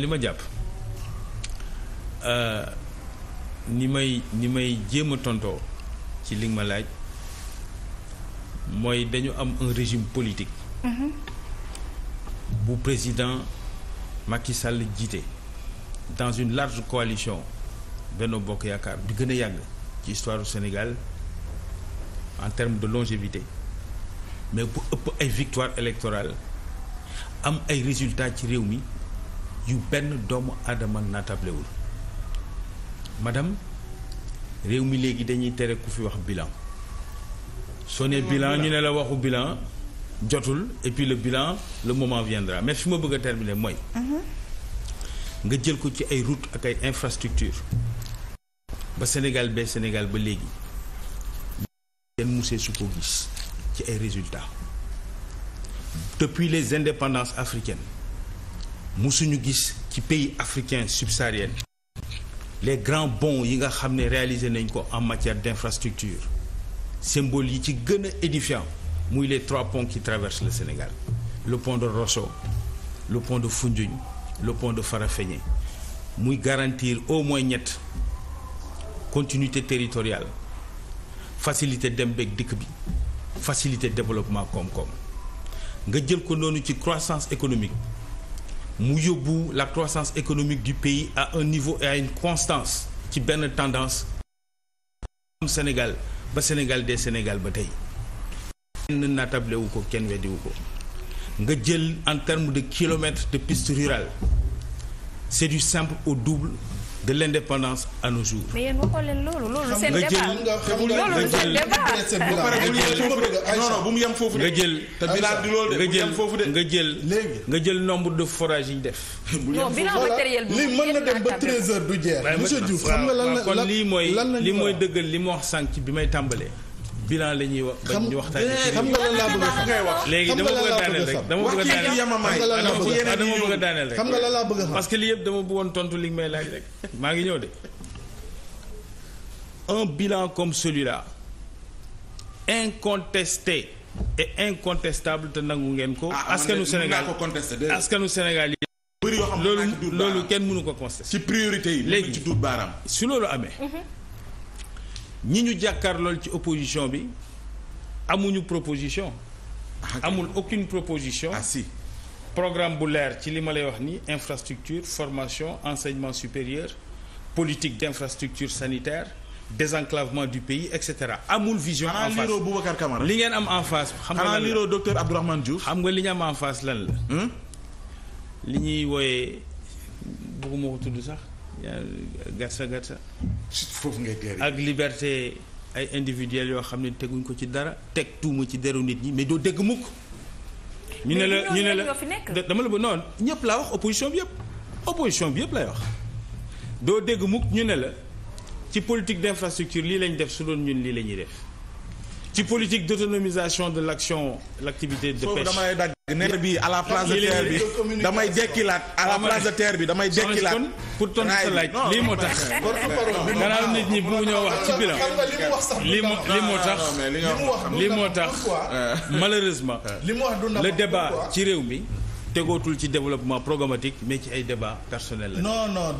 li ma jàpp euh, ni may ni may jéem a tontoo ci li ma laaj mooy dañu am un régime politique. Mhm. bu président Macky Sall jiite dans une large coalition Benno Bokk Yaakaar bi gën a yàgg ci histoire Sénégal en termes de longévité mais bu ëpp ay victoire électorale am ay résultats ci réew mi. yu benn doomu aadama naatablewul madam réew mi léegi dañuy tere ku fi wax bilan soo ne bilan ñu ne la waxu bilan jotul et puis le bilan le moment viendra mais fi ma bëgg a terminer mooy mhm. nga jël ko ci ay route ak ay infrastructure ba Sénégal ba Sénégal ba léegi kenn musee su ko gis ci ay résultats depuis les indépendances africaines musuñu gis ci pays africain subsaharien les grands bonds yi nga xam ne réaliser nañ ko en matière d'infrastructure symbole yi ci gën a édifiant muy les trois ponts qui traversent le Sénégal le pont de Rosso le pont de Foundiougne le pont de Farafenni muy garantir au moins ñett continuité territoriale facilité dem beeg dikk bi facilité développement koom-koom nga jël ko noonu ci croissance économique mu yóbbu la croissance économique du pays à un niveau et une constance ci benn tendance am Sénégal ba Sénégal des Sénégal ba tey kenn naatable wu ko kenn weddiwu ko nga jël en termes de kilomètres de piste rurale c'est du simple au double de l'indépendance à nos jours. mais yéen waxoo leen loolu loolu seen débat loolu seen bu mu yem foofu de. nga jël bilan bi loolu foofu de. nga jël nga jël nombre de forage yi ñu def. non bilan matériel bi lii mën dem ba 13 heures du monsieur Diouf xam nga la lan la kon lii mooy lii mooy dëggal li ma wax sànq bi may tàmbalee. bilan la ñuy wax. xam xam nga lan laa bëgg a xam léegi dama bëgg a daaneel rek dama bëgg a daaneel rek. xam nga lan laa bëgg a xam parce que lii yëpp dama bëggoon tontu li may laaj rek maa ngi ñëw de. un bilan comme celui-là incontesté et incontestable te nangu ngeen ko. Ah, askanu Sénégal askanu Sénégal yi. loolu loolu kenn mënu ko contesté. ci priorité yi. léegi ci duut baaraam. su loolu amee. Mhm. ñi ñu jàkkaar lool ci opposition bi amuñu proposition ah, amul aucune proposition ah programme bu leer ci li ma lay wax ni infrastructure formation enseignement supérieur politique d'infrastructure sanitaire désenclavement du pays et cetera amul vision. en face li ngeen am en face. xam nga lan liroo docteur Abdourahmane Diouf. xam nga li ñu am en face lan la. Hmm? li ñuy wooyee bëgguma ko tudd sax. gatsa gatsa foofu ngay ak liberté ay individuels yoo xam ne teguñ ko ci dara teg tuuma ci deru nit ñi mais doo dégg mukk ñu ne la ñu ne la dama la ba noonu ñëpp laa wax opposition bi yëpp opposition bi yëpp lay wax doo dégg mukk ñu ne la ci politique d'infrastructure lii lañ def su doon ñun lii la ñuy def ci politique d'autonomisation de l'action l'activité de pêche damay dagg neer bi à la place de terre bi damay dekkilaat à la place de terre bi damay dekkilaat pour tontu sa laaj lii moo tax gannaaw nit ñi bu ñoo wax ci bilam lii moo tax lii moo tax malheureusement euh, le débat ci réew mi tegootul ci développement programmatique mais ci ay débat personnel la